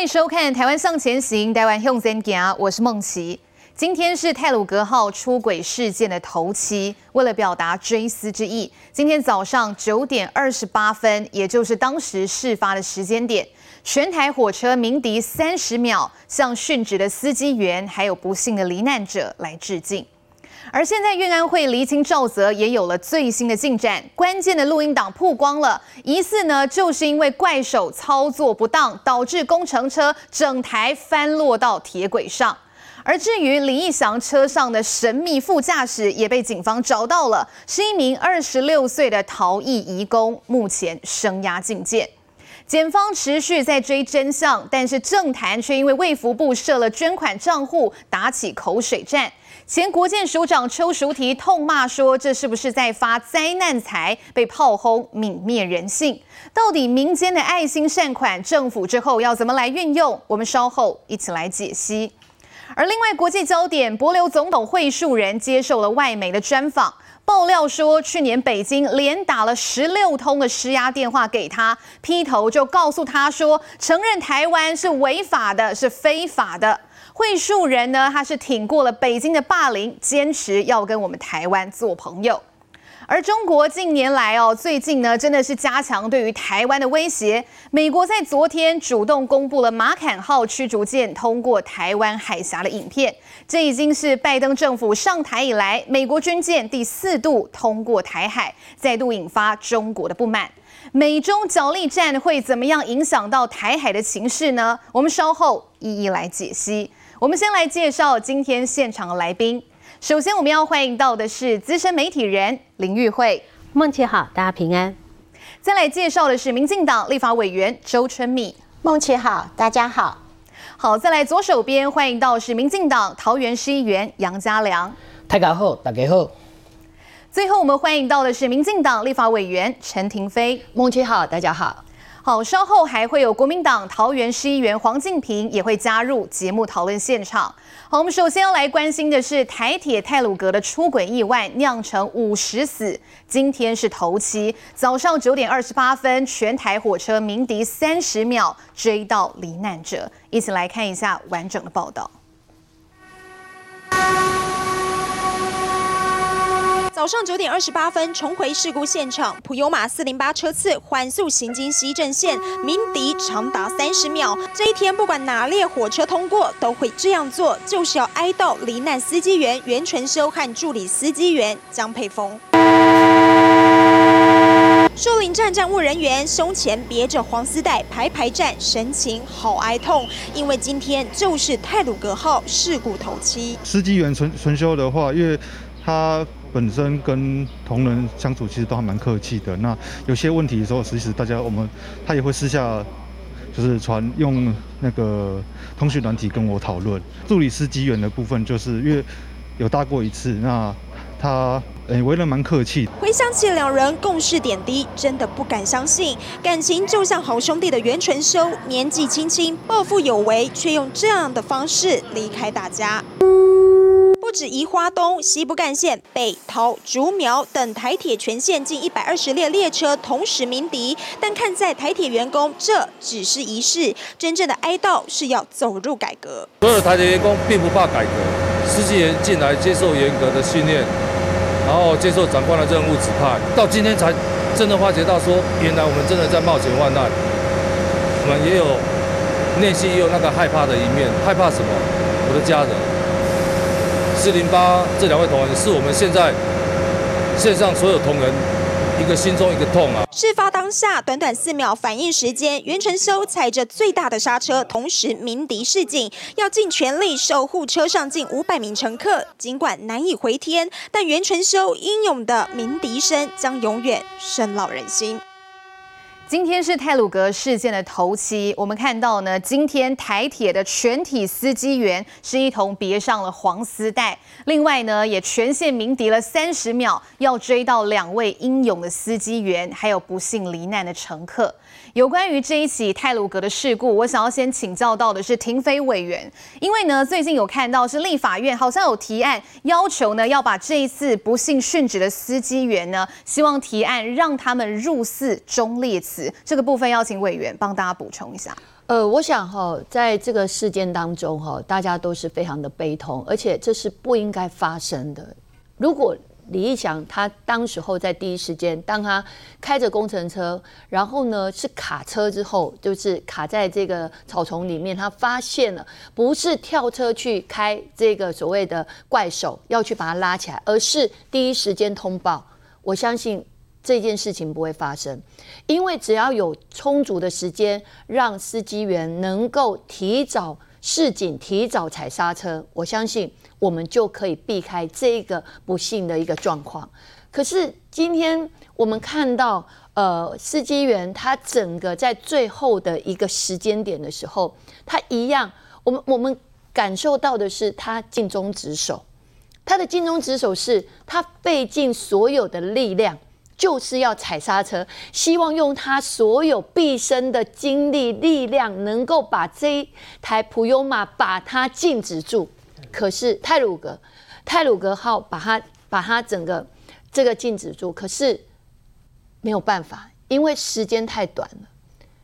歡迎收看《台灣向前行》，台灣向前行，我是孟琦。今天是太魯閣號出軌事件的頭七，為了表達追思之意，今天早上九點二十八分，也就是當時事發的時間點，全台火車鳴笛三十秒，向殉職的司機員還有不幸的罹難者來致敬。而現在，運安會釐清肇責，也有了最新的進展，關鍵的錄音檔曝光了，疑似呢就是因為怪手操作不當，導致工程車整台翻落到鐵軌上。而至於李義祥車上的神秘副駕駛也被警方找到了，是一名二十六歲的逃逸移工，目前聲押禁見。檢方持續在追真相，但是政壇卻因為衛福部設了捐款賬戶，打起口水戰。前國健署長邱淑媞痛罵說：“這是不是在發災難財？被炮轟泯滅人性，到底民間的愛心善款，政府之後要怎麼來運用？我們稍後一起來解析。而另外國際焦點，帛琉總統惠恕仁接受了外媒的專訪，爆料說，去年北京連打了十六通的施壓電話給他，劈頭就告訴他說，承認台灣是違法的，是非法的。”會樹人呢，他是挺過了北京的霸凌，堅持要跟我們台灣做朋友。而中國近年來哦，最近呢，真的是加強對於台灣的威脅。美國在昨天主動公布了馬侃號驅逐艦通過台灣海峽的影片，這已經是拜登政府上台以來，美國軍艦第四度通過台海，再度引發中國的不滿。美中角力戰會怎麼樣影響到台海的情勢呢？我們稍後一一來解析。我們先來介紹今天現場的來賓。首先，我們要歡迎到的是資深媒體人林育卉，孟琦好，大家平安。再來介紹的是民進黨立法委員周春米，孟琦好，大家好。好，再來左手邊歡迎到是民進黨桃園市議員楊家俍，大家好。大家好。最後，我們歡迎到的是民進黨立法委員陳亭妃，孟琦好，大家好。好、哦，稍後還會有國民黨桃園市議員黃敬平，也會加入節目討論現場。好，我們首先要來關心的是台鐵太魯閣的出軌意外釀成五十死，今天是頭七，早上九點二十八分，全台火車鳴笛三十秒，追思罹難者，一起來看一下完整的報道嗯早上九點二十八分，重回事故現場，普悠馬四零八車次緩速行經西正線，鳴笛長達三十秒。這一天，不管哪列火車通過，都會這樣做，就是要哀悼罹難司機員袁純修和助理司機員江沛峰。樹林站站務人員胸前別着黃絲帶，排排站，神情好哀痛，因為今天就是太魯閣號事故頭七。司機員純純修的話，因為他。本身跟同仁相處其實都還蠻客氣的。那有些問題的時候，其實大家我們他也會私下就是傳用那個通訊軟體跟我討論。助理司機員的部分就是因為有搭過一次，那他誒為人蠻客氣。回想起兩人共事點滴，真的不敢相信感情就像好兄弟的袁純修，年紀輕輕、抱負有為，卻用這樣的方式離開大家。不止宜花東、西部幹線、北桃竹苗等，台鐵全線近一百二十列列車同時鳴笛，但看在台鐵員工，這只是儀式，真正的哀悼是要走入改革。所有台鐵員工並不怕改革，司機員進來接受嚴格的訓練，然後接受長官的任務指派，到今天才真的發覺到，說原來我們真的在冒險患難，我們也有內心也有那個害怕的一面，害怕什麼？我的家人。四零八這兩位同仁是我們現在線上所有同仁一個心中一個痛啊！事發當下，短短四秒反應時間，袁成修踩着最大的剎車，同時鳴笛示警，要盡全力守護車上近五百名乘客。儘管難以回天，但袁成修英勇的鳴笛聲將永遠深烙人心。今天是太魯閣事件的頭七，我們看到呢，今天台鐵的全體司機員是一同別上了黃絲帶，另外呢，也全線鳴笛了三十秒，要追悼兩位英勇的司機員，還有不幸罹難的乘客。有關於這一起太魯閣的事故，我想要先請教到的是亭妃委員，因為呢，最近有看到是立法院好像有提案，要求呢要把這一次不幸殉職的司機員呢，希望提案讓他們入祀忠烈祠。這個部分要請委員幫大家補充一下。呃，我想哈，在這個事件當中哈，大家都是非常的悲痛，而且這是不應該發生的。如果李義祥他當時候在第一時間，當他開着工程車，然後呢是卡車之後，就是卡在這個草叢裡面，他發現了不是跳車去開這個所謂的怪手要去把它拉起來，而是第一時間通報。我相信這件事情不會發生，因為只要有充足的時間，讓司機員能夠提早。市警提早踩剎車，我相信我們就可以避開這個不幸的一個狀況。可是今天我們看到，呃，司機員他整個在最後的一個時間點的時候，他一樣，我們我們感受到的是他盡忠職守，他的盡忠職守是他費盡所有的力量。就是要踩剎車，希望用他所有畢生的精力力量，能夠把這台普悠瑪把它靜止住。可是太魯閣、太魯閣號把它把它整個這個靜止住，可是沒有辦法，因為時間太短了，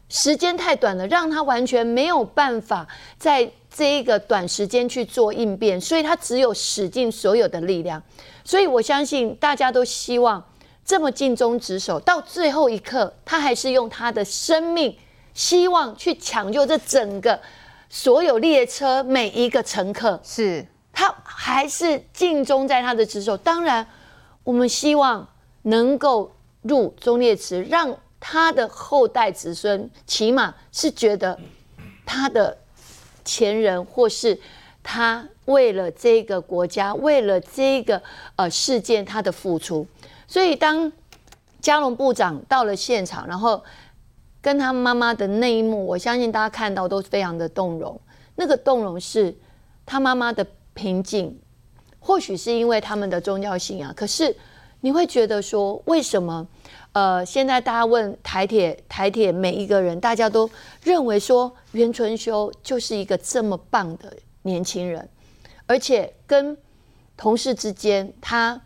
時間太短了，讓他完全沒有辦法在這一個短時間去做應變，所以他只有使盡所有的力量。所以我相信大家都希望，這麼盡忠職守，到最後一刻，他還是用他的生命、希望去搶救這整個所有列車每一個乘客。是，他還是盡忠在他的職守。當然，我們希望能夠入忠烈祠，讓他的後代子孫，起碼是覺得他的前人或是他為了這個國家、為了這個呃事件，他的付出。所以，當佳龍部長到了現場，然後跟他媽媽的那一幕，我相信大家看到都非常的動容。那個動容是他媽媽的平靜，或許是因為他們的宗教信仰。可是，你會覺得說，為什麼？呃，現在大家問台鐵台鐵每一個人，大家都認為說袁純修就是一個這麼棒的年輕人，而且跟同事之間他。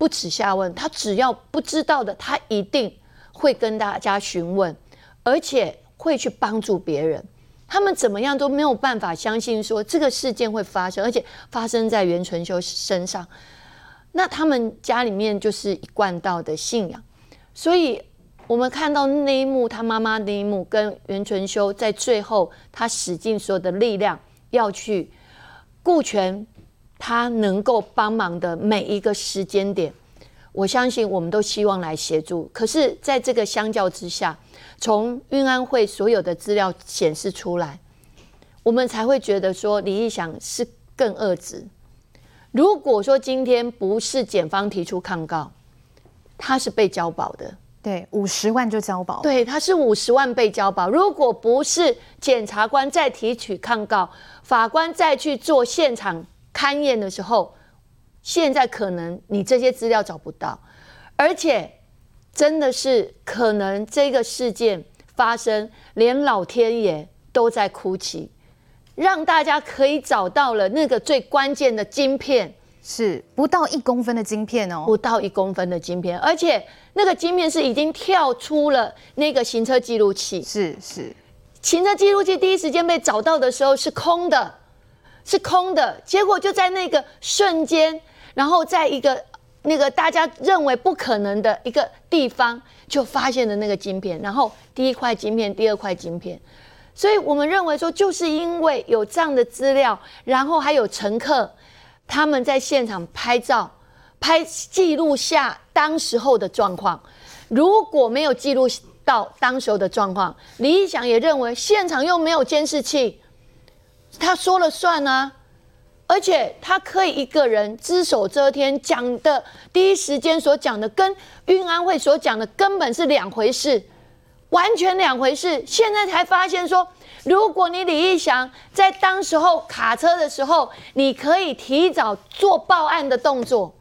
不恥下問，他只要不知道的，他一定會跟大家詢問，而且會去幫助別人。他們怎麼樣都沒有辦法相信說這個事件會發生，而且發生在袁純修身上。那他們家裡面就是一貫道的信仰，所以我們看到那一幕，他媽媽那一幕，跟袁純修在最後，他使盡所有的力量要去顧全。他能夠幫忙的每一個時間點，我相信我們都希望來協助。可是，在這個相較之下，從運安會所有的資料顯示出來，我們才會覺得說李義祥是更惡質。如果說今天不是檢方提出抗告，他是被交保的，對，五十萬就交保，對，他是五十萬被交保。如果不是檢察官再提取抗告，法官再去做現場。勘驗的時候，現在可能你這些資料找不到，而且真的是可能這個事件發生，連老天爺都在哭泣，讓大家可以找到了那個最關鍵的晶片，是不到一公分的晶片哦，不到一公分的晶片，而且那個晶片是已經跳出了那個行車記錄器，是是，是行車記錄器第一時間被找到的時候是空的。是空的，結果就在那個瞬間，然後在一個那個大家認為不可能的一個地方，就發現了那個晶片，然後第一塊晶片，第二塊晶片，所以我們認為說，就是因為有這樣的資料，然後還有乘客他們在現場拍照，拍記錄下當時候的狀況。如果沒有記錄到當時候的狀況，李義祥也認為現場又沒有監視器。他說了算啊，而且他可以一個人只手遮天，講的第一時間所講的，跟運安會所講的根本是兩回事，完全兩回事。現在才發現說，如果你李義祥在當時候卡車的時候，你可以提早做報案的動作。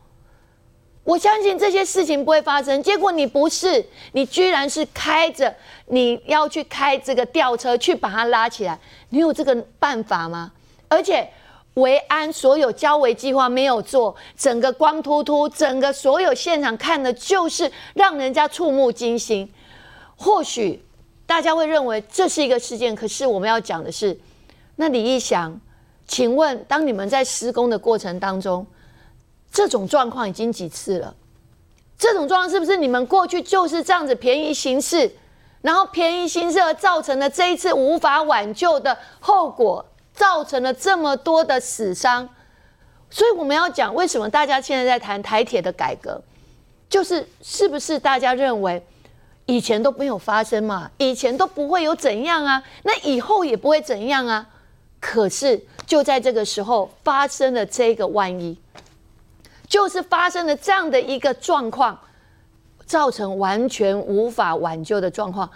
我相信，這些事情不會發生，結果你不是，你居然是開着你要去開這個吊車去把它拉起來，你有這個辦法嗎？而且維安所有交維計劃沒有做，整個光禿禿，整個所有現場看的，就是讓人家觸目驚心。或許大家會認為這是一個事件，可是我們要講的是，那李義祥，請問當你們在施工的過程當中，這種狀況已經幾次了，這種狀況是不是你們過去就是這樣子便宜行事，然後便宜行事而造成了這一次無法挽救的後果，造成了這麼多的死傷，所以我們要講為什麼大家現在在談台鐵的改革，就是是不是大家認為以前都沒有發生嘛，以前都不會有怎樣啊，那以後也不會怎樣啊，可是就在這個時候發生了這個萬一。就是發生了這樣的一個狀況，造成完全無法挽救的狀況，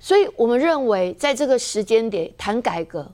所以我們認為，在這個時間點談改革，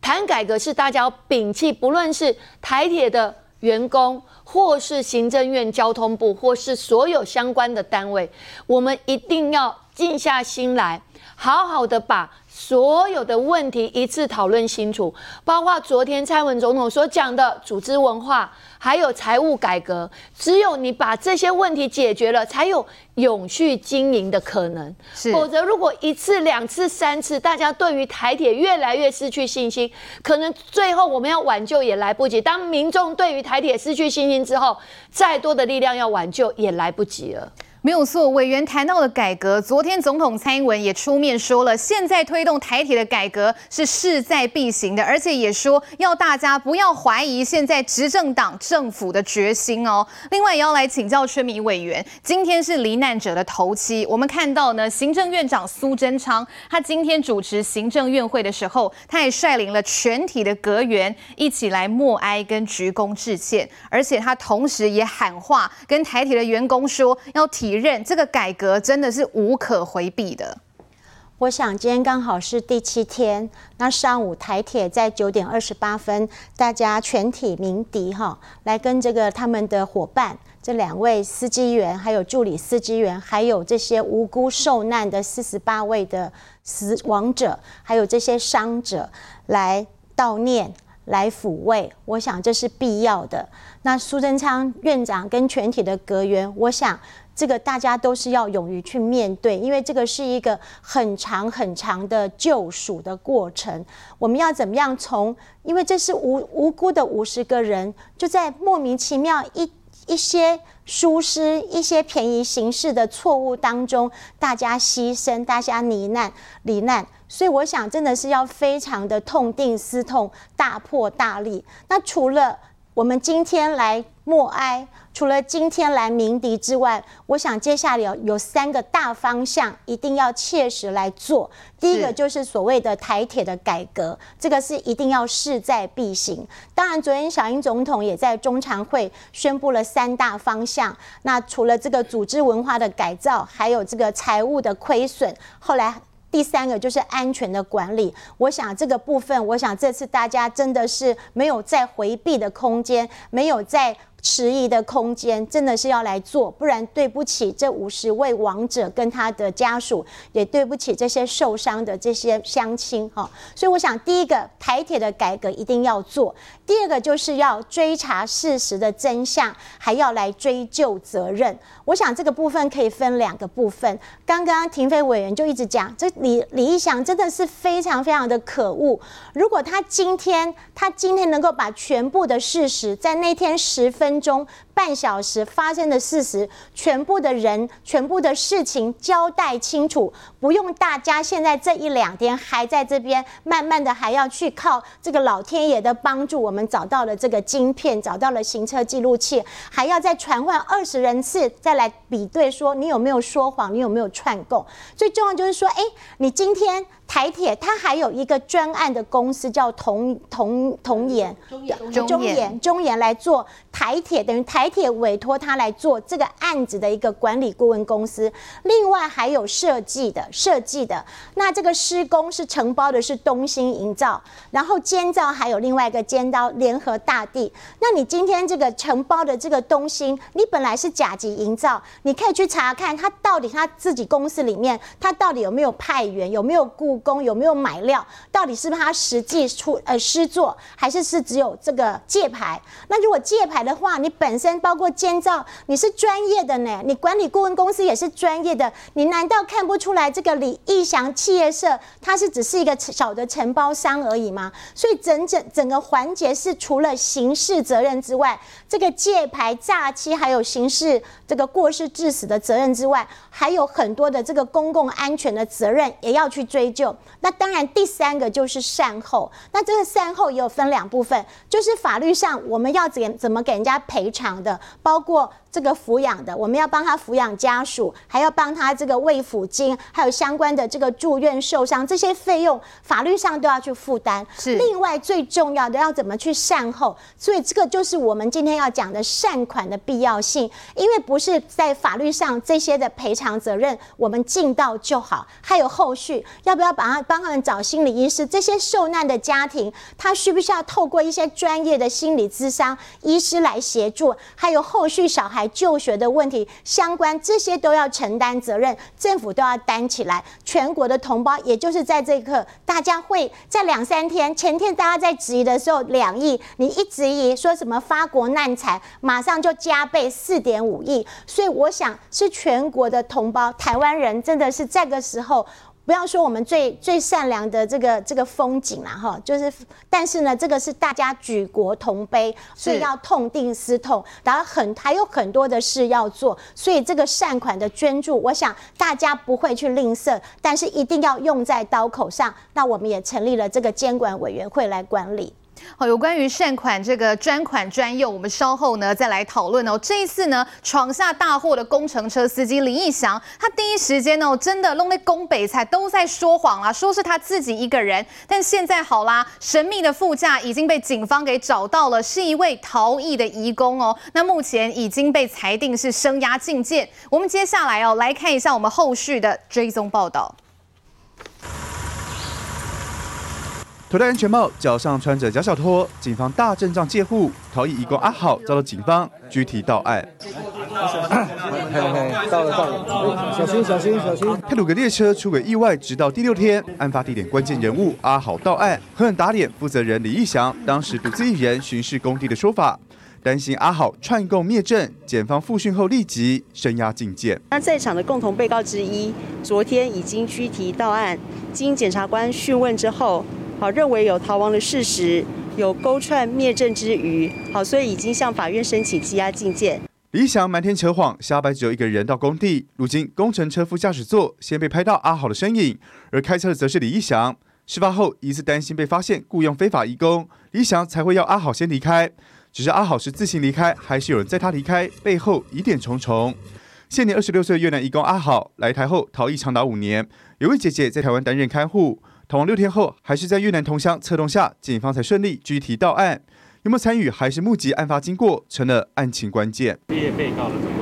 談改革是大家要摒棄，不論是台鐵的員工，或是行政院交通部，或是所有相關的單位，我們一定要靜下心來，好好的把所有的問題一次討論清楚，包括昨天蔡文總統所講的組織文化。還有財務改革，只有你把這些問題解決了，才有永續經營的可能。是否則如果一次、兩次、三次，大家對於台鐵越來越失去信心，可能最後我們要挽救也來不及。當民眾對於台鐵失去信心之後，再多的力量要挽救也來不及了。沒有錯，委員談到了改革。昨天總統蔡英文也出面說了，現在推動台鐵的改革是勢在必行的，而且也說要大家不要懷疑現在執政黨政府的決心哦。另外也要來請教春米委員，今天是罹難者的頭七，我們看到呢，行政院長蘇貞昌他今天主持行政院會的時候，他也率領了全體的閣員一起來默哀跟鞠躬致歉，而且他同時也喊話跟台鐵的員工說要提。一任這個改革真的是無可迴避的。我想今天剛好是第七天，那上午台鐵在九點二十八分，大家全體鳴笛哈，來跟這個他們的夥伴，這兩位司機員，還有助理司機員，還有這些無辜受難的四十八位的死亡者，還有這些傷者來悼念。來撫慰，我想這是必要的。那蘇貞昌院長跟全體的閣員，我想這個大家都是要勇於去面對，因為這個是一個很長很長的救贖的過程。我們要怎麼樣從？因為這是無無辜的五十個人，就在莫名其妙一。一些疏失、一些便宜行事的錯誤當中，大家犧牲，大家罹難、罹難。所以，我想真的是要非常的痛定思痛，大破大立。那除了我們今天來。默哀，除了今天來鳴笛之外，我想接下來有有三個大方向一定要切實來做。第一個就是所謂的台鐵的改革，這個是一定要勢在必行。當然，昨天小英總統也在中常會宣布了三大方向。那除了這個組織文化的改造，還有這個財務的虧損，後來第三個就是安全的管理。我想這個部分，我想這次大家真的是沒有再迴避的空間，沒有再。遲疑的空間真的是要來做，不然對不起這五十位亡者跟他的家屬，也對不起這些受傷的這些鄉親哈。所以我想，第一個台鐵的改革一定要做，第二個就是要追查事實的真相，還要來追究責任。我想這個部分可以分兩個部分。剛剛亭妃委員就一直講，這李李義祥真的是非常非常的可惡。如果他今天他今天能夠把全部的事實在那天十分。分鐘。半小時發生的事實，全部的人，全部的事情交代清楚，不用大家現在這一兩天還在這邊，慢慢的還要去靠這個老天爺的幫助，我們找到了這個晶片，找到了行車記錄器，還要再傳喚二十人次，再來比對說，說你有沒有說謊，你有沒有串供？最重要就是說，哎，你今天台鐵它還有一個專案的公司叫同同同研，中研中研中研來做台鐵，等於台。鐵委託他來做這個案子的一個管理顧問公司，另外還有設計的設計的，那這個施工是承包的，是東興營造，然後監造還有另外一個尖刀聯合大地。那你今天這個承包的這個東興，你本來是甲級營造，你可以去查看他到底他自己公司裡面，他到底有沒有派員，有沒有雇工，有沒有買料，到底是不是他實際出呃施作，還是是只有這個借牌？那如果借牌的話，你本身。包括建造，你是專業的呢？你管理顧問公司也是專業的，你難道看不出來這個李義祥企業社，它是只是一個小的承包商而已嗎？所以整整整個環節是除了刑事責任之外，這個借牌詐欺，還有刑事這個過失致死的責任之外，還有很多的這個公共安全的責任也要去追究。那當然，第三個就是善後。那這個善後也有分兩部分，就是法律上我們要怎怎麼給人家賠償的？包括。這個撫養的，我們要幫他撫養家屬，還要幫他這個慰撫金，還有相關的這個住院受傷這些費用，法律上都要去負擔。是，另外最重要的要怎麼去善後？所以這個就是我們今天要講的善款的必要性，因為不是在法律上這些的賠償責任，我們盡到就好。還有後續要不要把他幫他們找心理醫師？這些受難的家庭，他需不需要透過一些專業的心理諮商醫師來協助？還有後續小孩。來，就學的問題，相關這些都要承擔責任，政府都要擔起來。全國的同胞，也就是在這一刻，大家會在兩三天前天大家在質疑的時候，兩億你一質疑說什麼發國難財，馬上就加倍四點五億。所以我想，是全國的同胞，台灣人真的是這個時候。不要說我們最最善良的這個這個風景啦、啊、哈，就是，但是呢，這個是大家舉國同悲，所以要痛定思痛，是然後很還有很多的事要做，所以這個善款的捐助，我想大家不會去吝嗇，但是一定要用在刀口上。那我們也成立了這個監管委員會來管理。好，有關於善款這個專款專用，我們稍後呢再來討論哦。這一次呢，闖下大禍的工程車司機李義祥，他第一時間呢、哦，真的弄在工北才都在說謊啊，說是他自己一個人。但現在好啦，神秘的副駕已經被警方給找到了，是一位逃逸的移工哦。那目前已經被裁定是聲押禁見。我們接下來哦，來看一下我們後續的追蹤報道頭戴安全帽，腳上穿着夾腳拖，警方大陣仗戒護逃逸移工阿好遭到警方拘提到案。哎哎哎哎哎哎、到了到了，小心小心小心，小心、啊！太魯閣列車出軌意外，直到第六天，案發地點關鍵人物阿好到案，狠狠打臉負責人李義祥當時獨自一人巡視工地的說法。擔心阿好串供滅證，檢方複訊後立即聲押禁見。那在場的共同被告之一，昨天已經拘提到案，經檢察官訊問之後。好，認為有逃亡的事實，有勾串滅證之餘，好，所以已經向法院申請羈押禁見。李翔瞞天扯謊，下班只有一個人到工地。如今工程車副駕駛座先被拍到阿好的身影，而開車的則是李義祥。事發後，疑似擔心被發現僱傭非法移工，李翔才會要阿好先離開。只是阿好是自行離開，還是有人在他離開，背後疑點重重？現年二十六歲的越南移工阿好來台後逃逸長達五年，有位姐姐在台灣擔任看護。逃亡六天後，還是在越南同鄉策動下，警方才順利拘提到案。有沒有參與，還是目擊案發經過，成了案情關鍵。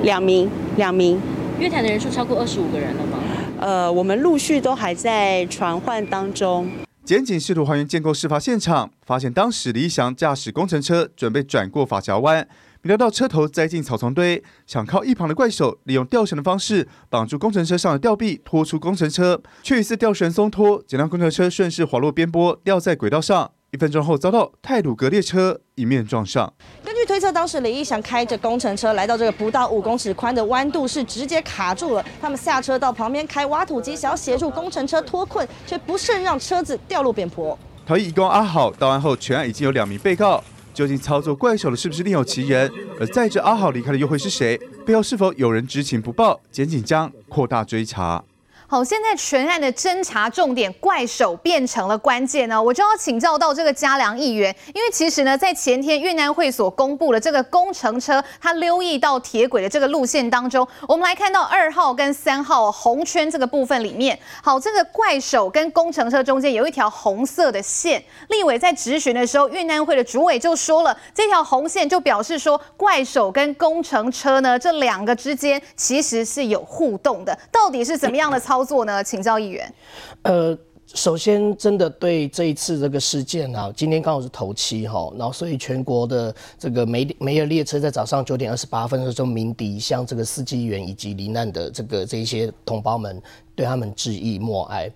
兩名，兩名，約談的人數超過二十五個人了嗎？呃，我們陸續都還在傳喚當中。檢警試圖還原建構事發現場，發現當時李義祥駕駛工程車準備轉過髮夾彎。撩到車頭栽進草叢堆，想靠一旁的怪手利用吊繩的方式綁住工程車上的吊臂拖出工程車，卻一次吊繩鬆脫，幾輛工程車順勢滑落邊坡，掉在軌道上。一分鐘後遭到泰魯格列車迎面撞上。根據推測，當時李義祥開着工程車來到這個不到五公尺寬的彎度是直接卡住了，他們下車到旁邊開挖土機想要協助工程車脫困，卻不慎讓車子掉落邊坡。逃逸一檢阿浩到案後，全案已經有兩名被告。究竟操作怪手的是不是另有其人？而載着阿豪離開的又會是誰？背後是否有人知情不報？檢警將擴大追查。好，現在全案的偵查重點怪手，變成了關鍵呢，我就要請教到這個家俍議員，因為其實呢，在前天運安會所公布了這個工程車它溜逸到鐵軌的這個路線當中，我們來看到二號跟三號紅圈這個部分裡面，好，這個怪手跟工程車中間有一條紅色的線，立委在質詢的時候，運安會的主委就說了，這條紅線就表示說怪手跟工程車呢這兩個之間其實是有互動的，到底是怎麼樣的操？操作呢？請教議員。呃，首先，真的對這一次這個事件呢、啊，今天剛好是頭七吼，然後所以全國的這個每每的列車在早上九點二十八分的時候鳴笛，向這個司機員以及罹難的這個這一些同胞們，對他們致意默哀。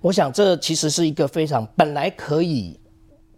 我想這其實是一個非常本來可以。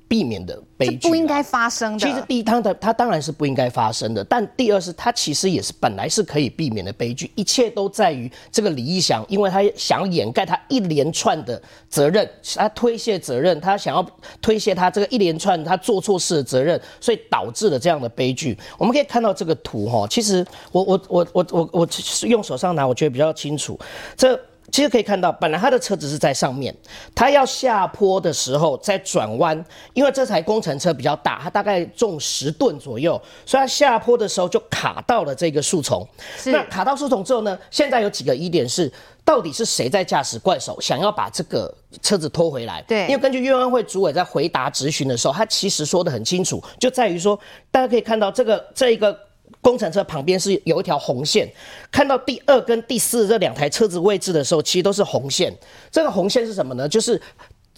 避免的悲劇、啊、不應該發生的。其實第一，它的它當然是不應該發生的；但第二是它其實也是本來是可以避免的悲劇。一切都在於這個李義祥，因為他想要掩蓋他一連串的責任，他推卸責任，他想要推卸他這個一連串他做錯事的責任，所以導致了這樣的悲劇。我們可以看到這個圖哈、哦，其實我我我我我我用手上拿，我覺得比較清楚。這其實可以看到，本來他的車子是在上面，他要下坡的時候在轉彎，因為這台工程車比較大，它大概重十噸左右，所以它下坡的時候就卡到了這個樹叢。是那卡到樹叢之後呢？現在有幾個疑點是，到底是誰在駕駛怪手，想要把這個車子拖回來？對，因為根據運安會主委在回答質詢的時候，他其實說得很清楚，就在於說，大家可以看到這個這個。工程車旁邊是有一條紅線，看到第二跟第四這兩台車子位置的時候，其實都是紅線。這個紅線是什麼呢？就是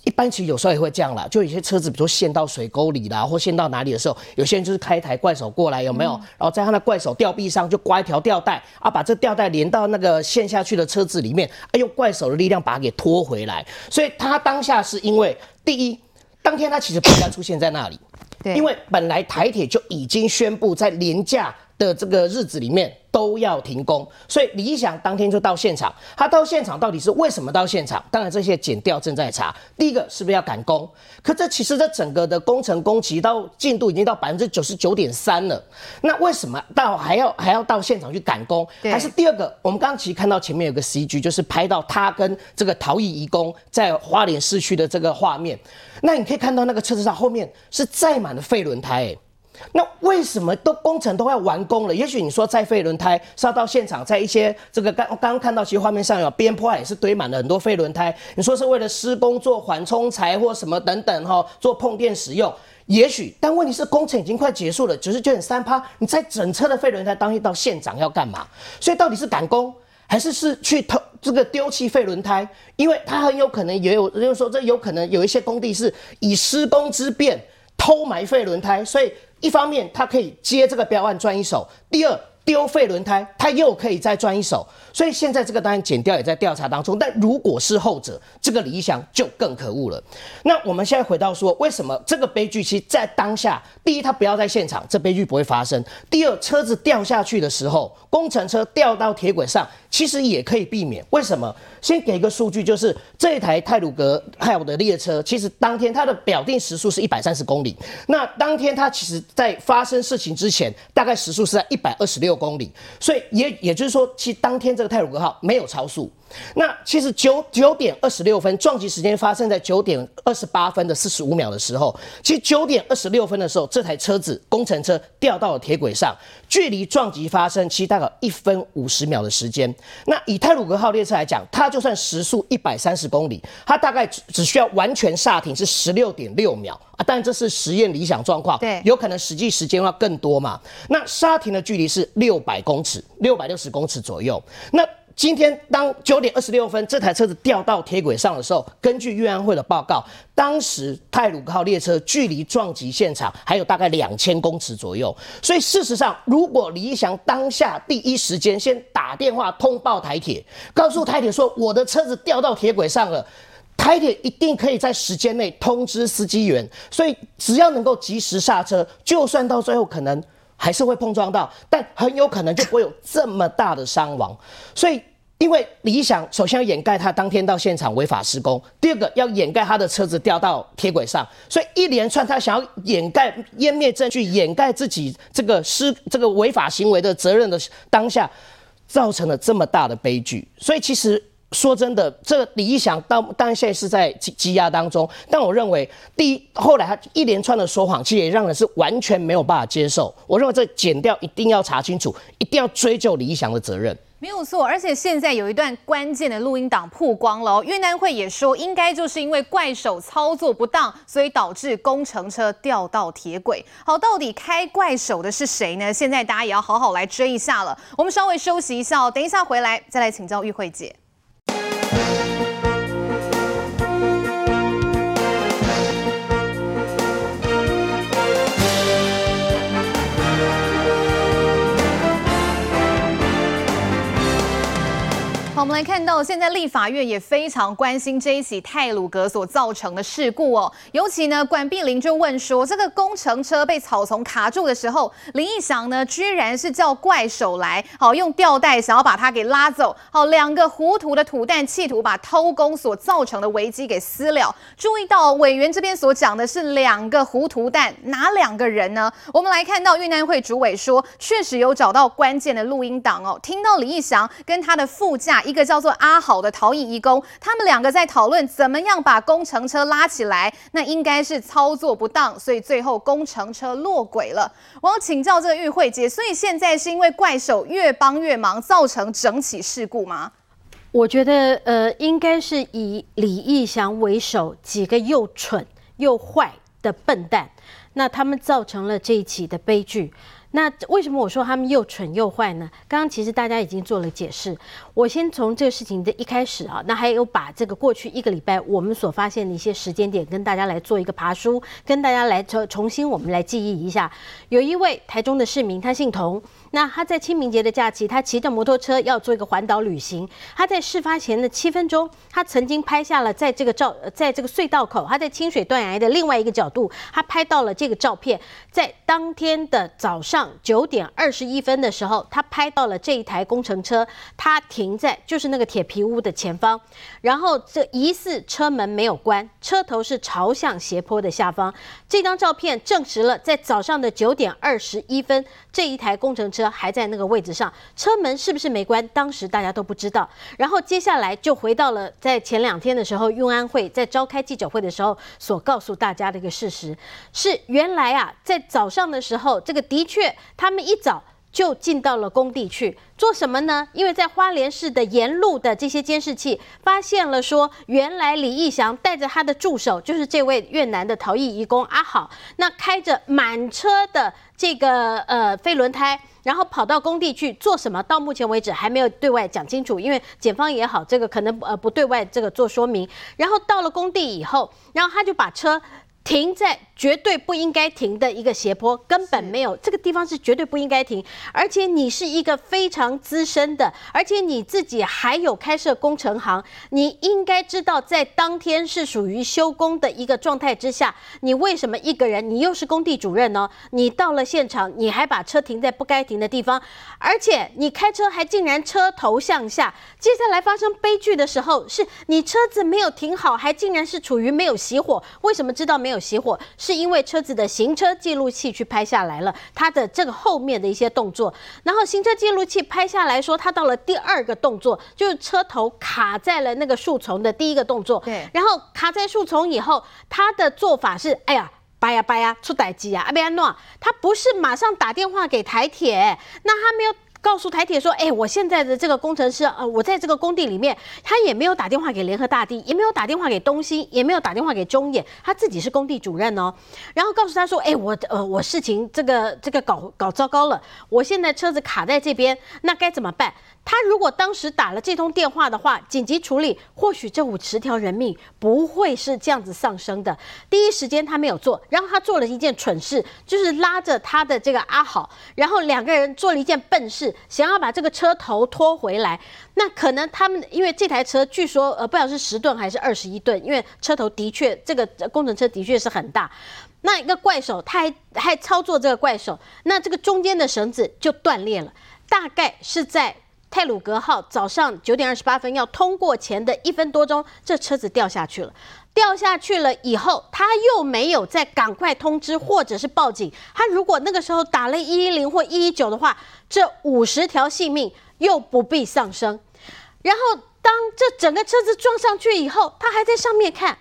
一般其實有時候也會這樣啦，就有些車子比如說陷到水溝裡啦，或陷到哪裡的時候，有些人就是開台怪手過來，有沒有？嗯、然後在他的怪手吊臂上就掛一條吊帶啊，把這吊帶連到那個陷下去的車子裡面，啊、用怪手的力量把它給拖回來。所以他當下是因為第一，當天他其實不該出現在那裡，對，因為本來台鐵就已經宣布在連假的這個日子裡面都要停工，所以李義祥當天就到現場。他到現場到底是為什麼到現場？當然這些檢調正在查。第一個是不是要趕工？可這其實這整個的工程工期到進度已經到百分之九十九點三了，那為什麼到還要還要到現場去趕工？對還是第二個，我們剛剛其實看到前面有個 C G，就是拍到他跟這個逃逸移工在花蓮市區的這個畫面。那你可以看到那個車子上後面是載滿了廢輪胎誒、欸。那為什麼都工程都快完工了？也許你說再廢輪胎，是要到現場，在一些這個剛剛看到，其實畫面上有邊坡也是堆滿了很多廢輪胎。你說是為了施工做緩衝材或什麼等等哈，做碰墊使用。也許，但問題是工程已經快結束了，九十九點三趴，你在整車的廢輪胎當一道現場要幹嘛？所以到底是趕工，還是是去偷這個丟棄廢輪胎？因為它很有可能也有，就是說這有可能有一些工地是以施工之便偷埋廢輪胎，所以。一方面，他可以接這個標案賺一手；第二，丟廢輪胎，他又可以再賺一手。所以現在這個當然檢調也在調查當中。但如果是後者，這個李義祥就更可惡了。那我們現在回到說，為什麼這個悲劇其實在當下，第一，他不要在現場，這悲劇不會發生；第二，車子掉下去的時候，工程車掉到鐵軌上。其實也可以避免，為什麼？先給一個數據，就是這一台太魯閣號的列車，其實當天它的表定時速是一百三十公里，那當天它其實在發生事情之前，大概時速是在一百二十六公里，所以也也就是說，其實當天這個太魯閣號沒有超速。那其實九九點二十六分，撞擊時間發生在九點二十八分的四十五秒的時候，其實九點二十六分的時候，這台車子、工程車掉到了鐵軌上，距離撞擊發生其實大概一分五十秒的時間。那以太魯閣號列車來講，它就算時速一百三十公里，它大概只只需要完全剎停是十六點六秒啊，但這是實驗理想狀況，對，有可能實際時間要更多嘛？那剎停的距離是六百公尺，六百六十公尺左右，那。今天當九點二十六分這台車子掉到鐵軌上的時候，根據運安會的報告，當時太魯閣號列車距離撞擊現場還有大概兩千公尺左右。所以事實上，如果李義祥當下第一時間先打電話通報台鐵，告訴台鐵說我的車子掉到鐵軌上了，台鐵一定可以在時間內通知司機員。所以只要能夠及時剎車，就算到最後可能。還是會碰撞到，但很有可能就不會有這麼大的傷亡。所以，因為李義祥首先要掩蓋他當天到現場違法施工，第二個要掩蓋他的車子掉到鐵軌上，所以一連串他想要掩蓋、湮滅證據、掩蓋自己這個失這個違法行為的責任的當下，造成了這麼大的悲劇。所以其實。說真的，這個李義祥當當然現在是在羈羈押當中，但我認為第一，後來他一連串的說謊，其實也讓人是完全沒有辦法接受。我認為這檢調一定要查清楚，一定要追究李義祥的責任，沒有錯。而且現在有一段關鍵的錄音檔曝光了哦，運安會也說，應該就是因為怪手操作不當，所以導致工程車掉到鐵軌。好，到底開怪手的是誰呢？現在大家也要好好來追一下了。我們稍微休息一下哦，等一下回來再來請教育卉姐。好，我們來看到，現在立法院也非常關心這一起太魯閣所造成的事故哦。尤其呢，管碧玲就問說，這個工程車被草叢卡住的時候，李義祥呢，居然是叫怪手來，好用吊帶想要把他給拉走。好，兩個糊塗的土蛋企圖把偷工所造成的危機給私了。注意到委員這邊所講的是兩個糊塗蛋，哪兩個人呢？我們來看到運安會主委說，確實有找到關鍵的錄音檔哦，聽到李義祥跟他的副駕。一個叫做阿好的逃逸移工，他們兩個在討論怎麼樣把工程車拉起來，那應該是操作不當，所以最後工程車落軌了。我要請教這個育卉姐，所以現在是因為怪手越幫越忙造成整起事故嗎？我覺得呃，應該是以李義祥為首幾個又蠢又壞的笨蛋，那他們造成了這一起的悲劇。那為什麼我說他們又蠢又壞呢？剛剛其實大家已經做了解釋。我先從這個事情的一開始啊，那還有把這個過去一個禮拜我們所發現的一些時間點跟大家來做一個爬梳，跟大家來重重新我們來記憶一下。有一位台中的市民，他姓童，那他在清明節的假期，他騎着摩托車要做一個環島旅行。他在事發前的七分鐘，他曾經拍下了在這個照在這個隧道口，他在清水斷崖的另外一個角度，他拍到了這個照片。在當天的早上九點二十一分的時候，他拍到了這一台工程車，他停。停在就是那個鐵皮屋的前方，然後這疑似車門沒有關，車頭是朝向斜坡的下方。這張照片證實了，在早上的九點二十一分，這一台工程車還在那個位置上。車門是不是沒關，當時大家都不知道。然後接下來就回到了在前兩天的時候，運安會在召開記者會的時候所告訴大家的一個事實是：原來啊，在早上的時候，這個的確他們一早。就進到了工地去做什麼呢？因為在花蓮市的沿路的這些監視器發現了，說原來李義祥帶着他的助手，就是這位越南的逃逸移工阿好，那開着滿車的這個呃飛輪胎，然後跑到工地去做什麼？到目前為止還沒有對外講清楚，因為檢方也好，這個可能呃不對外這個做說明。然後到了工地以後，然後他就把車。停在絕對不應該停的一個斜坡，根本沒有。這個地方是絕對不應該停。而且你是一個非常資深的，而且你自己還有開設工程行，你應該知道在當天是屬於休工的一個狀態之下，你為什麼一個人，你又是工地主任呢、哦？你到了現場，你還把車停在不該停的地方，而且你開車還竟然車頭向下。接下來發生悲劇的時候，是你車子沒有停好，還竟然是處於沒有熄火。為什麼知道沒有？熄火是因為車子的行車記錄器去拍下來了，它的這個後面的一些動作，然後行車記錄器拍下來說，它到了第二個動作，就是車頭卡在了那個樹叢的第一個動作，對，然後卡在樹叢以後，他的做法是，哎呀，拜呀拜呀，出代誌啊，阿貝安諾，他不是馬上打電話給台鐵，那他沒有。告訴台鐵說：“哎、欸，我現在的這個工程師，呃，我在這個工地裡面，他也沒有打電話給聯合大地，也沒有打電話給東興，也沒有打電話給中冶，他自己是工地主任哦。然後告訴他說：‘哎、欸，我呃，我事情這個這個搞搞糟糕了，我現在車子卡在這邊，那該怎麼辦？’”他如果當時打了這通電話的話，緊急處理，或許這五十條人命不會是這樣子喪生的。第一時間他沒有做，然後他做了一件蠢事，就是拉着他的這個阿好，然後兩個人做了一件笨事，想要把這個車頭拖回來。那可能他們因為這台車據說呃，不曉得是十噸還是二十一噸，因為車頭的確這個工程車的確是很大。那一個怪手，他還還操作這個怪手，那這個中間的繩子就斷裂了，大概是在。太魯閣號早上九點二十八分要通過前的一分多鐘，這車子掉下去了。掉下去了以後，他又沒有再趕快通知或者是報警。他如果那個時候打了一一零或一一九的話，這五十條性命又不必喪生。然後當這整個車子撞上去以後，他還在上面看。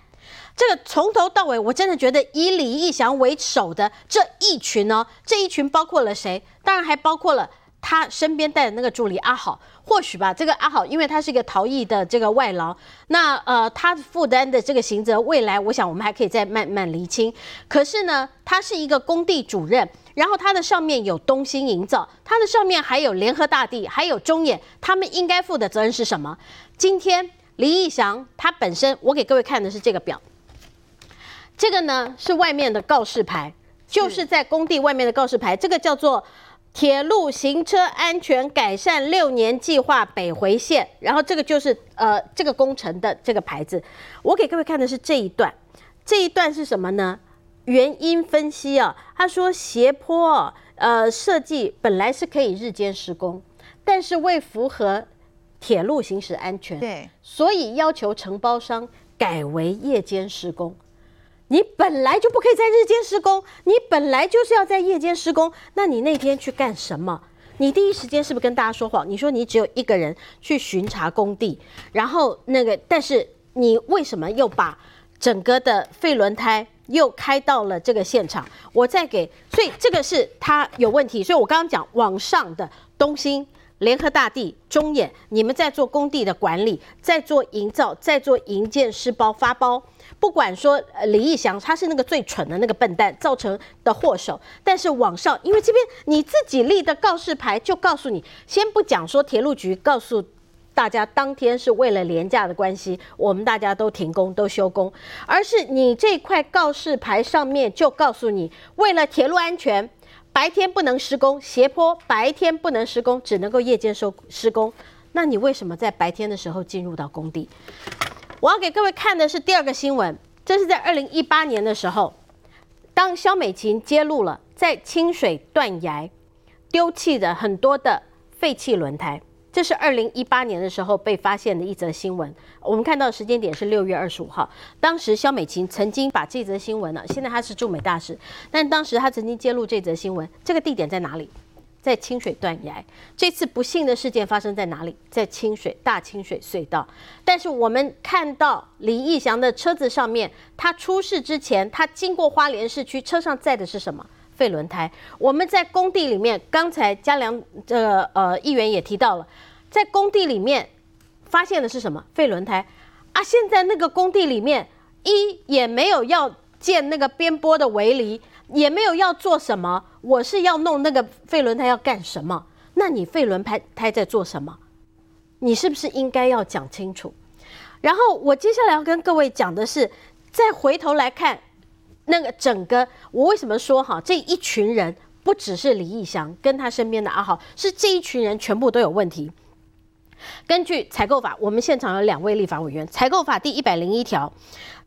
這個從頭到尾，我真的覺得以李義祥為首的這一群呢、哦，這一群包括了誰？當然還包括了。他身邊帶的那個助理阿好，或許吧，這個阿好，因為他是一個逃逸的這個外勞，那呃，他負擔的這個刑責，未來我想我們還可以再慢慢釐清。可是呢，他是一個工地主任，然後他的上面有東興營造，他的上面還有聯合大地，還有中野，他們應該負的責任是什麼？今天李義祥他本身，我給各位看的是這個表，這個呢是外面的告示牌，就是在工地外面的告示牌，是這個叫做。鐵路行車安全改善六年計劃北回線，然後這個就是呃這個工程的這個牌子。我給各位看的是這一段，這一段是什麼呢？原因分析啊、哦，他說斜坡、哦、呃設計本來是可以日間施工，但是為符合鐵路行駛安全，對，所以要求承包商改為夜間施工。你本來就不可以在日間施工，你本來就是要在夜間施工，那你那天去幹什麼？你第一時間是不是跟大家說謊？你說你只有一個人去巡查工地，然後那個，但是你為什麼又把整個的廢輪胎又開到了這個現場？我再給，所以這個是他有問題，所以我剛剛講往上的東興、聯合大地、中冶，你們在做工地的管理，在做營造，在做營建施包發包。不管說呃，李義祥他是那個最蠢的那個笨蛋造成的禍首，但是網上因為這邊你自己立的告示牌就告訴你，先不講說鐵路局告訴大家當天是為了連假的關係，我們大家都停工都休工，而是你這塊告示牌上面就告訴你，為了鐵路安全，白天不能施工，斜坡白天不能施工，只能夠夜間收施工。那你為什麼在白天的時候進入到工地？我要給各位看的是第二個新聞，這是在二零一八年的時候，當蕭美琴揭露了在清水斷崖丟棄的很多的廢棄輪胎，這是二零一八年的時候被發現的一則新聞。我們看到的時間點是六月二十五號，當時蕭美琴曾經把這則新聞呢，現在她是駐美大使，但當時她曾經揭露這則新聞，這個地點在哪裡？在清水斷崖，這次不幸的事件發生在哪裡？在清水大清水隧道。但是我們看到李義祥的車子上面，他出事之前，他經過花蓮市區，車上載的是什麼？廢輪胎。我們在工地裡面，剛才家俍呃呃議員也提到了，在工地裡面發現的是什麼？廢輪胎。啊，現在那個工地裡面，一也沒有要建那個邊坡的圍籬，也沒有要做什麼。我是要弄那個廢輪胎，要幹什麼？那你廢輪胎，拍在做什麼？你是不是應該要講清楚？然後我接下來要跟各位講的是，再回頭來看那個整個，我為什麼說哈，這一群人不只是李義祥跟他身邊的阿豪，是這一群人全部都有問題。根據採購法，我們現場有兩位立法委員。採購法第一百零一條，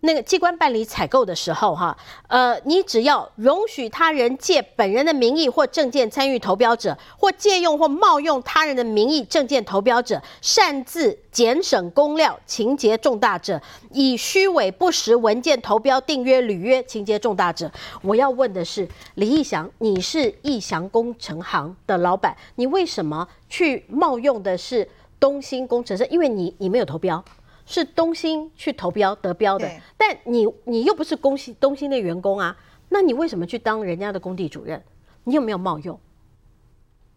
那個機關辦理採購的時候，哈，呃，你只要容許他人借本人的名義或證件參與投標者，或借用或冒用他人的名義、證件投標者，擅自減省工料，情節重大者，以虛偽不實文件投標、訂約、履約，情節重大者。我要問的是李義祥，你是義祥工程行的老闆，你為什麼去冒用的是？東興工程師，因為你你沒有投標，是東興去投標得標的，但你你又不是東西東興的員工啊，那你為什麼去當人家的工地主任？你有沒有冒用？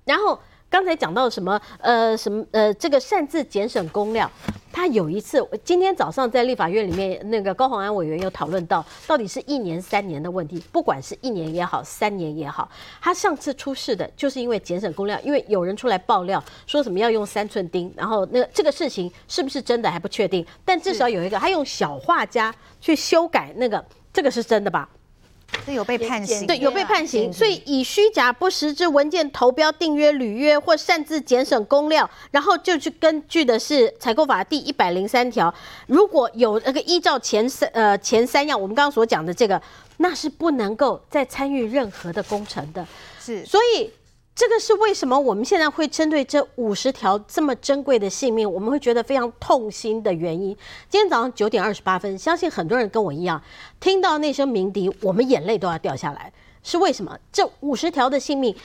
然後。剛才講到什麼？呃，什麼？呃，這個擅自減省工料，他有一次今天早上在立法院裡面，那個高虹安委員有討論到，到底是一年三年的問題，不管是一年也好，三年也好，他上次出事的就是因為減省工料，因為有人出來爆料說什麼要用三寸釘，然後那個這個事情是不是真的還不確定，但至少有一個他用小畫家去修改那個，這個是真的吧？這有被判刑剪，對，有被判刑，啊、所以以虛假不實質文件投標、訂約、履約或擅自減省工料，然後就去根據的是採購法第一百零三條，如果有那個依照前三、呃前三樣我們剛剛所講的這個，那是不能夠再參與任何的工程的，是，所以。這個是為什麼我們現在會針對這五十條這麼珍貴的性命，我們會覺得非常痛心的原因。今天早上九點二十八分，相信很多人跟我一樣，聽到那聲鳴笛，我們眼淚都要掉下來。是為什麼？這五十條的性命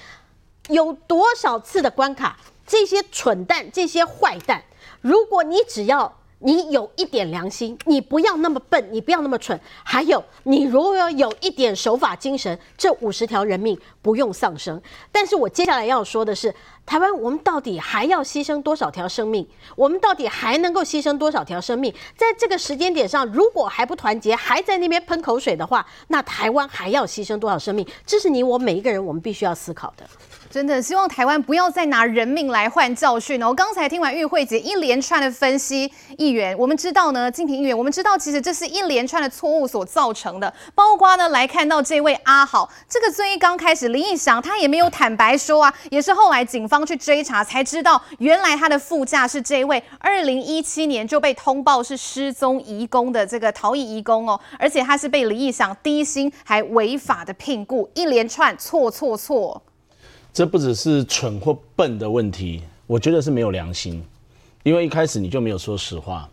有多少次的關卡？這些蠢蛋，這些壞蛋，如果你只要。你有一點良心，你不要那麼笨，你不要那麼蠢。還有，你如果有一點守法精神，這五十條人命不用喪生。但是我接下來要說的是，台灣，我們到底還要犧牲多少條生命？我們到底還能夠犧牲多少條生命？在這個時間點上，如果還不團結，還在那邊噴口水的話，那台灣還要犧牲多少生命？這是你我每一個人，我們必須要思考的。真的希望台灣不要再拿人命來換教訓哦！我剛才聽完育卉姐一連串的分析，議員，我們知道呢，敬平議員，我們知道其實這是一連串的錯誤所造成的，包括呢來看到這位阿豪，這個最剛開始李義祥他也沒有坦白說啊，也是後來警方去追查才知道，原來他的副駕是這位二零一七年就被通報是失蹤移工的這個逃逸移工哦，而且他是被李義祥低薪還違法的聘雇，一連串錯錯錯。這不只是蠢或笨的問題，我覺得是沒有良心，因為一開始你就沒有說實話，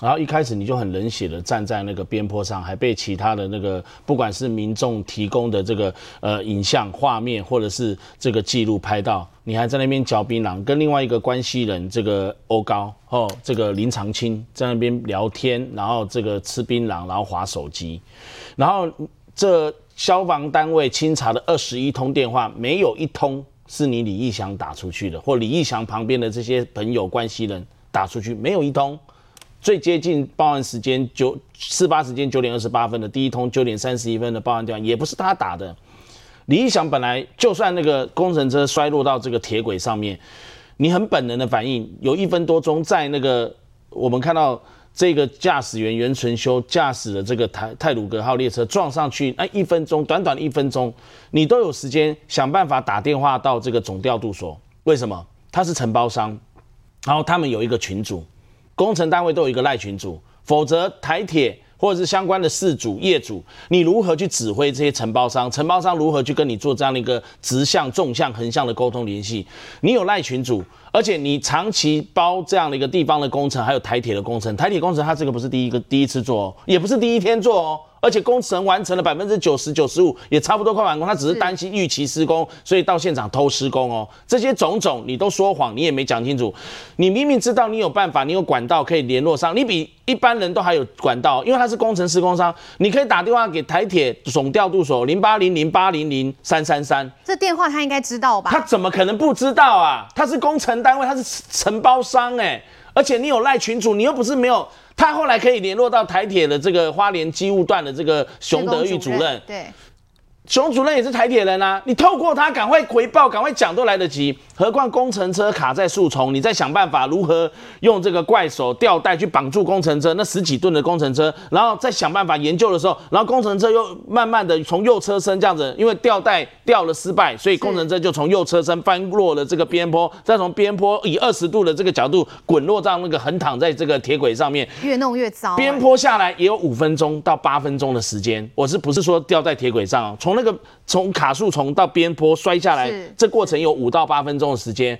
然後一開始你就很冷血的站在那個邊坡上，還被其他的那個不管是民眾提供的這個呃影像畫面，或者是這個記錄拍到，你還在那邊嚼檳榔，跟另外一個關係人這個歐高哦，這個林長青在那邊聊天，然後這個吃檳榔，然後滑手機，然後這。消防單位清查的二十一通電話，沒有一通是你李義祥打出去的，或李義祥旁邊的這些朋友關係人打出去，沒有一通。最接近報案時間九事發時間九點二十八分的第一通九點三十一分的報案電話，也不是他打的。李義祥本來就算那個工程車摔落到這個鐵軌上面，你很本能的反應，有一分多鐘在那個我們看到。這個駕駛員袁純修駕駛的這個太太魯閣號列車撞上去，那一分鐘，短短一分鐘，你都有時間想辦法打電話到這個總調度所。為什麼他是承包商，然後他們有一個群組，工程單位都有一個賴群組，否則台鐵。或者是相關的事主、業主，你如何去指揮這些承包商？承包商如何去跟你做這樣的一個直向、縱向、橫向的溝通聯繫？你有賴群組，而且你長期包這樣的一個地方的工程，還有台鐵的工程。台鐵工程它這個不是第一個、第一次做哦，也不是第一天做哦。而且工程完成了百分之九十九十五，也差不多快完工。他只是擔心逾期施工，是所以到現場偷施工哦。這些種種你都說謊，你也沒講清楚。你明明知道你有辦法，你有管道可以聯絡上，你比一般人都還有管道，因為他是工程施工商，你可以打電話給台鐵總調度所零八零零八零零三三三，800 800，這電話他應該知道吧？他怎麼可能不知道啊？他是工程單位，他是承包商哎、欸。而且你有賴群組，你又不是沒有。他後來可以聯絡到台鐵的這個花蓮機務段的這個熊德裕主任。主任對。熊主任也是台鐵人啊，你透過他趕快回報，趕快講都來得及。何況工程車卡在樹叢，你再想辦法如何用這個怪手吊帶去綁住工程車，那十幾噸的工程車，然後再想辦法研究的時候，然後工程車又慢慢的從右車身這樣子，因為吊帶吊了失敗，所以工程車就從右車身翻落了這個邊坡，是再從邊坡以二十度的這個角度滾落到那個橫躺在這個鐵軌上面，越弄越糟，欸。邊坡下來也有五分鐘到八分鐘的時間，我是不是說吊在鐵軌上從、啊？那個從卡樹叢到邊坡摔下來，這過程有五到八分鐘的時間。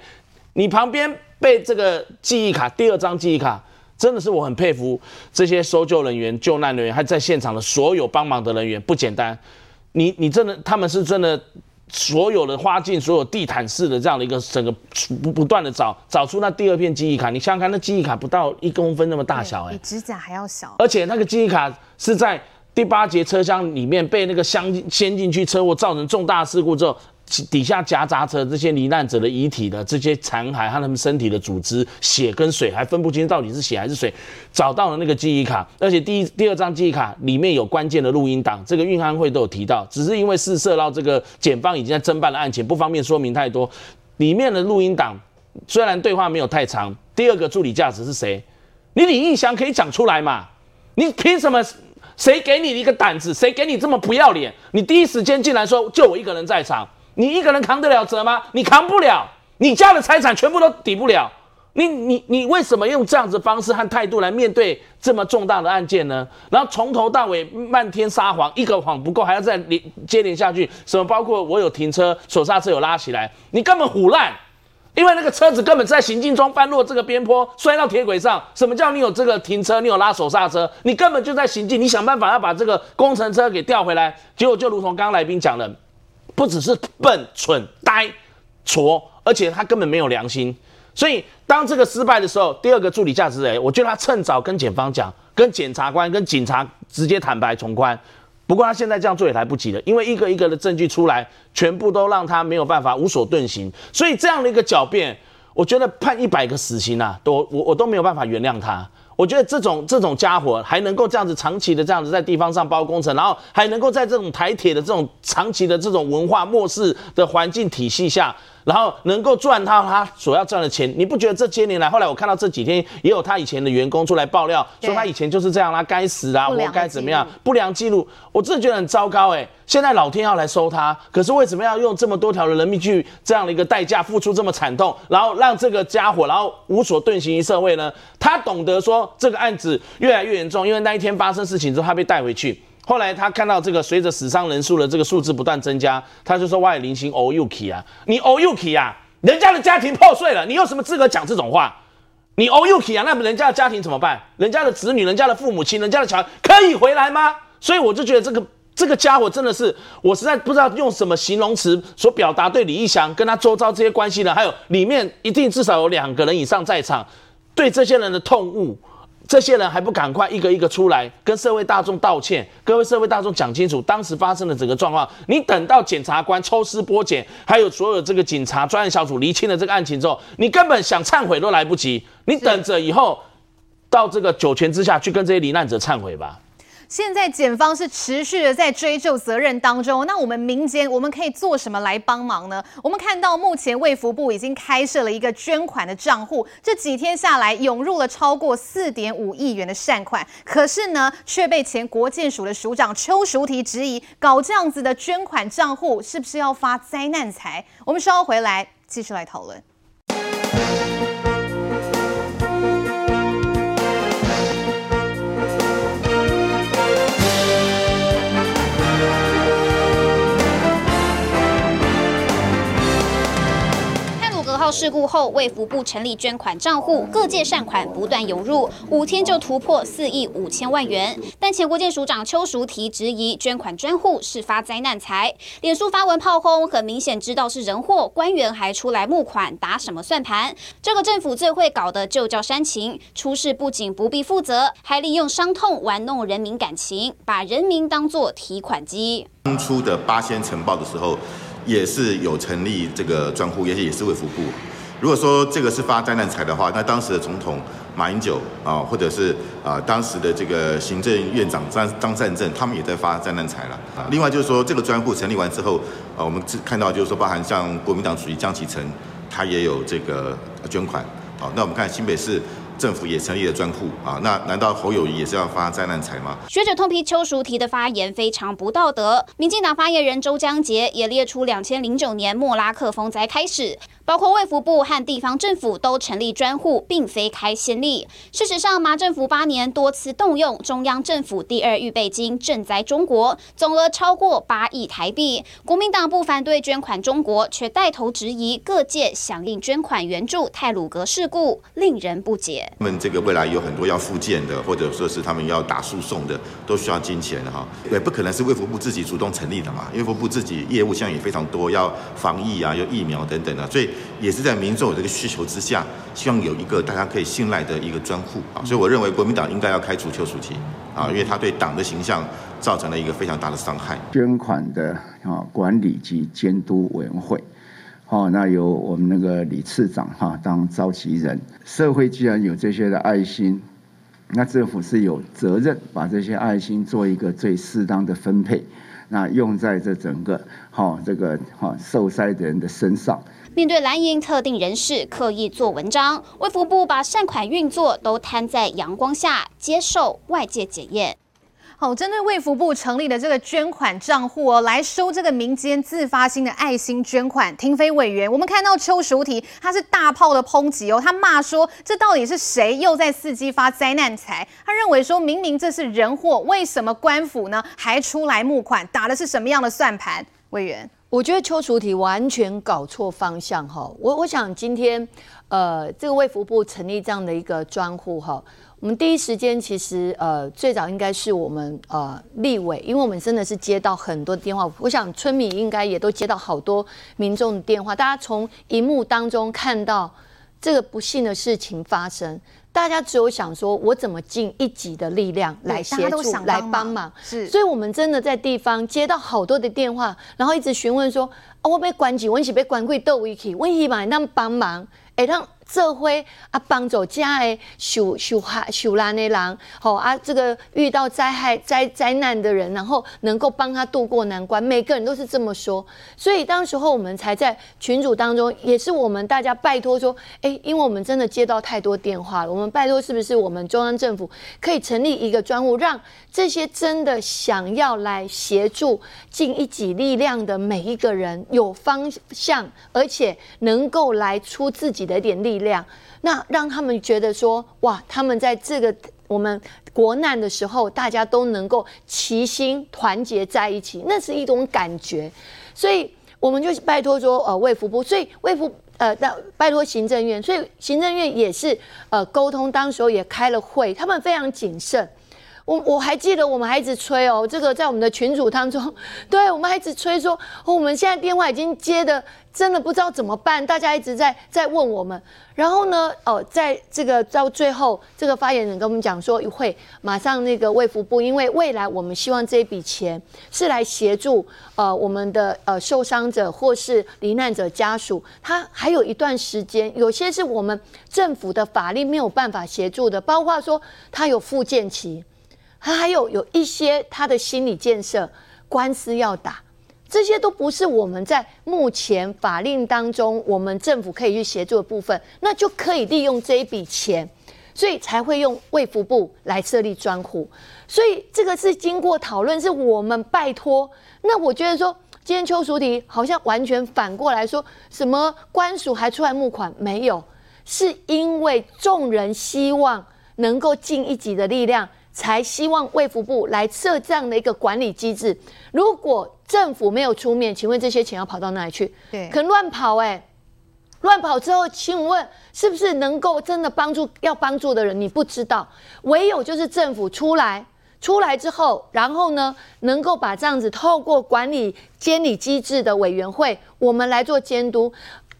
你旁邊被這個記憶卡，第二張記憶卡，真的是我很佩服這些搜救人員、救難人員，還在現場的所有幫忙的人員，不簡單。你你真的，他們是真的，所有的花盡所有地毯式的這樣的一個整個不斷的找，找出那第二片記憶卡。你想想看，那記憶卡不到一公分那麼大小，哎，比指甲還要小。而且那個記憶卡是在。第八節車廂裡面被那個鑲嵌進去，車禍造成重大事故之後，底下夾雜着這些罹難者的遺體的這些殘骸和他們身體的組織、血跟水還分不清到底是血還是水，找到了那個記憶卡，而且第一第二張記憶卡裡面有關鍵的錄音檔，這個運安會都有提到，只是因為涉及到這個檢方已經在偵辦的案件，不方便說明太多。裡面的錄音檔雖然對話沒有太長，第二個助理駕駛是誰？你李義祥可以講出來嘛？你憑什麼？誰給你一個膽子？誰給你這麼不要臉？你第一時間進來說，就我一個人在場，你一個人扛得了責嗎？你扛不了，你家的財產全部都抵不了。你你你為什麼用這樣子的方式和態度來面對這麼重大的案件呢？然後從頭到尾漫天撒謊，一個謊不夠還要再連接連下去，什麼包括我有停車，手剎車有拉起來，你根本唬爛。因為那個車子根本是在行進中翻落這個邊坡，摔到鐵軌上。什麼叫你有這個停車，你有拉手剎車？你根本就在行進。你想辦法要把這個工程車給調回來。結果就如同剛剛來賓講的，不只是笨、蠢、呆、拙，而且他根本沒有良心。所以當這個失敗的時候，第二個助理駕駛人，我覺得他趁早跟檢方講，跟檢察官、跟警察直接坦白從寬。不過他現在這樣做也來不及了，因為一個一個的證據出來，全部都讓他沒有辦法無所遁形，所以這樣的一個狡辯，我覺得判一百個死刑啊，都我我都沒有辦法原諒他。我覺得這種這種家伙還能夠這樣子長期的這樣子在地方上包工程，然後還能夠在這種台鐵的這種長期的這種文化漠視的環境體系下，然後能夠賺到他，他所要賺的錢，你不覺得這些年來，後來我看到這幾天也有他以前的員工出來爆料，對說他以前就是這樣，他該死啊，活該怎麼樣，不良記錄，我真的覺得很糟糕哎、欸。現在老天要來收他，可是為什麼要用這麼多條的人命去這樣的一個代價付出這麼慘痛，然後讓這個家伙然後無所遁形於社會呢？他。懂得說這個案子越來越嚴重，因為那一天發生事情之後，他被帶回去。後來他看到這個，隨着死傷人數的這個數字不斷增加，他就說：“外林心哦又起啊，你哦又起啊，人家的家庭破碎了，你有什麼資格講這種話？你哦又起啊，那麼人家的家庭怎麼辦？人家的子女、人家的父母親、人家的小孩可以回來嗎？所以我就覺得這個這個家伙真的是，我實在不知道用什麼形容詞所表達對李義祥跟他周遭這些關係呢？還有裡面一定至少有兩個人以上在場。”對這些人的痛惡，這些人還不趕快一個一個出來跟社會大眾道歉，各位社會大眾講清楚當時發生的整個狀況。你等到檢察官抽絲剝繭，還有所有這個警察專案小組釐清了這個案情之後，你根本想懺悔都來不及。你等着以後是到這個九泉之下去跟這些罹難者懺悔吧。現在檢方是持續的在追究責任當中，那我們民間我們可以做什麼來幫忙呢？我們看到目前衛福部已經開設了一個捐款的賬戶，這幾天下來湧入了超過四點五億元的善款，可是呢，卻被前國建署的署長邱淑媞質疑，搞這樣子的捐款賬戶是不是要發災難財？我們稍後回來繼續來討論。到事故後，衛福部成立捐款賬戶，各界善款不斷湧入，五天就突破四億五千萬元。但前國健署長邱淑媞質疑捐款專戶是發災難財，臉書發文炮轟，很明顯知道是人禍。官員還出來募款，打什麼算盤？這個政府最會搞的就叫煽情。出事不僅不必負責，還利用傷痛玩弄人民感情，把人民當作提款機。當初的八仙塵爆的時候。也是有成立這個專戶，也是也是為衛福部。如果說這個是發災難財的話，那當時的總統馬英九啊，或者是啊當時的這個行政院長張張善政，他們也在發災難財了，啊。另外就是說，這個專戶成立完之後，啊，我們看到就是說，包含像國民黨主席江啟臣，他也有這個捐款。好，啊，那我們看新北市。政府也成立了專戶啊，那難道侯友宜也是要發災難財嗎？學者痛批邱淑媞的發言非常不道德。民進黨發言人周江杰也列出，兩千零九年莫拉克風災開始。包括衛福部和地方政府都成立專戶，並非開先例。事實上，馬政府八年多次動用中央政府第二預備金賑災中國，總額超過八億台幣。國民黨不反對捐款中國，卻帶頭質疑各界響應捐款援助太魯閣事故，令人不解。他們這個未來有很多要復建的，或者說是他們要打訴訟的，都需要金錢哈、對。也不可能是衛福部自己主動成立的嘛？衛福部自己業務相也非常多，要防疫啊，要疫苗等等啊所以。也是在民眾有這個需求之下，希望有一個大家可以信賴的一個專戶啊，所以我認為國民黨應該要開除邱淑媞啊，因為他對黨的形象造成了一個非常大的傷害。嗯、捐款的啊管理及監督委員會，好，那由我們那個李次長哈當召集人。社會既然有這些的愛心，那政府是有責任把這些愛心做一個最適當的分配，那用在這整個好這個好受災的人的身上。面對藍營特定人士刻意做文章，衛福部把善款運作都攤在陽光下，接受外界檢驗。好，針對衛福部成立的這個捐款賬戶哦，來收這個民間自發性的愛心捐款。亭妃委員，我們看到邱淑媞，他是大炮的抨擊哦，他罵說這到底是誰又在伺機發災難財？他認為說明明這是人禍，為什麼官府呢還出來募款，打的是什麼樣的算盤？委員。我覺得邱淑媞完全搞錯方向哈，我我想今天，呃，這個衛福部成立這樣的一個專戶哈，我們第一時間其實呃最早應該是我們呃立委，因為我們真的是接到很多電話，我想春米應該也都接到好多民眾的電話，大家從熒幕當中看到這個不幸的事情發生。大家只有想說，我怎麼盡一己的力量來協助、來幫忙？幫忙是所以，我們真的在地方接到好多的電話，然後一直詢問說，哦、我被關機，我是被關櫃丟回去，我希望能幫忙，哎，讓。啊、這回啊幫走家欸，修修哈，修難的人，好、哦、啊這個遇到災害災災難的人，然後能夠幫他渡過難關，每個人都是這麼說。所以當時候我們才在群組當中，也是我們大家拜託說，哎、欸，因為我們真的接到太多電話了，我們拜託是不是我們中央政府可以成立一個專戶，讓這些真的想要來協助盡一己力量的每一個人有方向，而且能夠來出自己的一點力。力量，那讓他們覺得說哇，他們在這個我們國難的時候，大家都能夠齊心團結在一起，那是一種感覺。所以我們就拜托說呃，衛福部，所以衛福呃，那拜托行政院，所以行政院也是呃溝通，當時候也開了會，他們非常謹慎。我我還記得我們還一直催哦，這個在我們的群組當中，對我們還一直催說，哦，我們現在電話已經接的。真的不知道怎麼辦，大家一直在在問我們。然後呢，哦，在這個到最後，這個發言人跟我們講說，會馬上那個衛福部，因為未來我們希望這筆錢是來協助呃我們的呃受傷者或是罹難者家屬。他還有一段時間，有些是我們政府的法律沒有辦法協助的，包括說他有復健期，他還有有一些他的心理建設，官司要打。這些都不是我們在目前法令當中，我們政府可以去協助的部分，那就可以利用這一筆錢，所以才會用衛福部來設立專戶，所以這個是經過討論，是我們拜託。那我覺得說，今天邱淑媞好像完全反過來說，什麼官署還出來募款？沒有，是因為眾人希望能夠盡一己的力量。才希望衛福部來設這樣的一個管理機制。如果政府沒有出面，請問這些錢要跑到哪裡去？對，可能亂跑哎、欸，亂跑之後，請問是不是能夠真的幫助要幫助的人？你不知道，唯有就是政府出來，出來之後，然後呢，能夠把這樣子透過管理、監理機制的委員會，我們來做監督。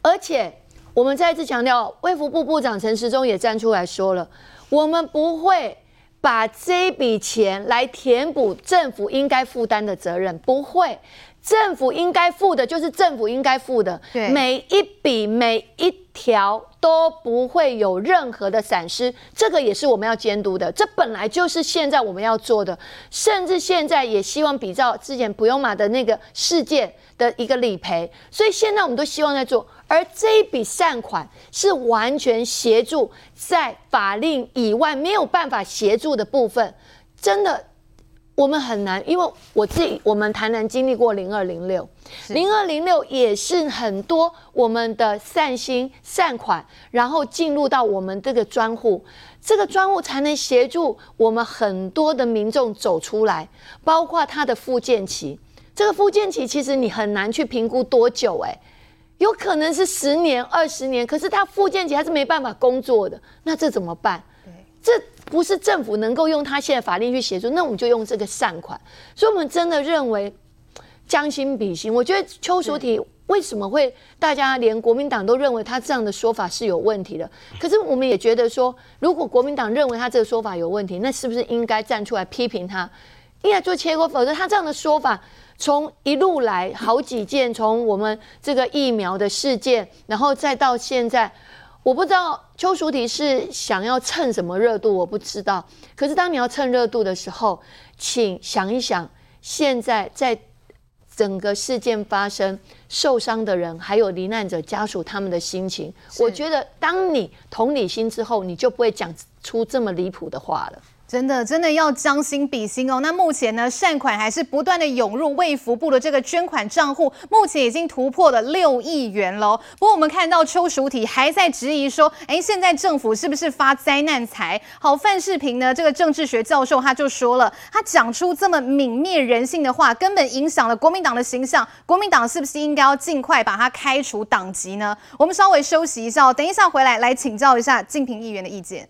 而且我們再一次強調，衛福部部長陳時中也站出來說了，我們不會。把這筆錢來填補政府應該負擔的責任，不會。政府應該付的就是政府應該付的，對每一筆每一條都不會有任何的閃失。這個也是我們要監督的，這本來就是現在我們要做的，甚至現在也希望比照之前不用瑪的那個事件的一個理賠。所以現在我們都希望在做。而這一筆善款是完全協助在法令以外沒有辦法協助的部分，真的我們很難，因為我自己我們台南經歷過零二零六，零二零六也是很多我們的善心善款，然後進入到我們這個專戶，這個專戶才能協助我們很多的民眾走出來，包括他的復健期，這個復健期其實你很難去評估多久、欸，誒。有可能是十年、二十年，可是他復健期還是沒辦法工作的，那這怎麼辦？這不是政府能夠用他現在法令去協助，那我們就用這個善款。所以，我們真的認為將心比心。我覺得邱淑媞為什麼會大家連國民黨都認為他這樣的說法是有問題的？可是我們也覺得說，如果國民黨認為他這個說法有問題，那是不是應該站出來批評他，應該做切割，否則他這樣的說法。從一路來好幾件，從我們這個疫苗的事件，然後再到現在，我不知道邱淑媞是想要蹭什麼熱度，我不知道。可是當你要蹭熱度的時候，請想一想，現在在整個事件發生、受傷的人，還有罹難者家屬他們的心情，是我覺得當你同理心之後，你就不會講出這麼離譜的話了。真的，真的要將心比心哦。那目前呢，善款還是不斷的湧入衛福部的這個捐款賬戶，目前已經突破了六億元嘍。不過我們看到邱淑媞還在質疑說，哎、欸，現在政府是不是發災難財？好，範世平呢，這個政治學教授他就說了，他講出這麼泯滅人性的話，根本影響了國民黨的形象。國民黨是不是應該要盡快把他開除黨籍呢？我們稍微休息一下、哦，等一下回來來請教一下敬平議員的意見。